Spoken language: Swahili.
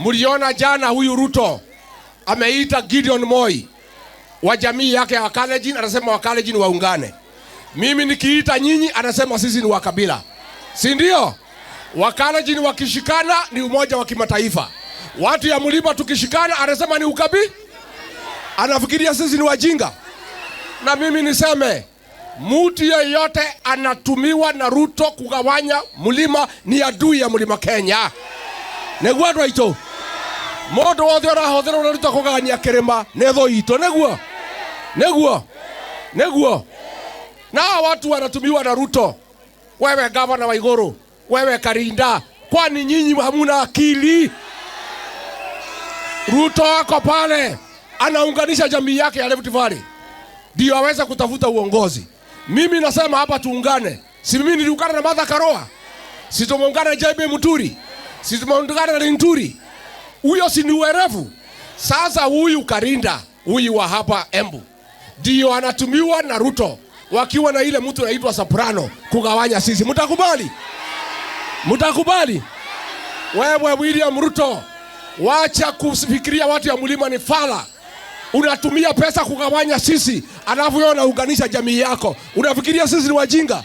Mliona jana huyu Ruto ameita Gideon Moi wa jamii yake ya Wakalenjin, anasema Wakalenjin waungane. Mimi nikiita nyinyi, anasema sisi ni wakabila, si ndio? Wakalenjin wakishikana ni umoja wa kimataifa. Watu ya mlima tukishikana, anasema ni ukabi. Anafikiria sisi ni wajinga. Na mimi niseme mtu yeyote anatumiwa na Ruto kugawanya mlima ni adui ya mlima Kenya negwadwa icho mundu wothe ũrahũthĩra ũraruta kũgania kĩrĩma nĩ thũ itũ nĩguo nĩguo nĩguo na watu wanatumiwa na Ruto, wewe gavana wa Igũrũ, wewe Karinda, kwani nyinyi hamuna akili? Ruto wako pale anaunganisha jamii yake ya Rift Valley ndio aweze kutafuta uongozi. Mimi nasema hapa tuungane, si mimi niliungana na Martha Karua, si tumeungana na JB Muturi, si tumeungana na Linturi huyo si ni Sasa huyu Karinda huyu wa hapa Embu ndio anatumiwa na Ruto wakiwa na ile mtu anaitwa Soprano kugawanya sisi. Mtakubali? Mtakubali? Wewe William Ruto, wacha kufikiria watu ya mlima ni fala. Unatumia pesa kugawanya sisi, alafu wewe unaunganisha jamii yako. Unafikiria sisi ni wajinga?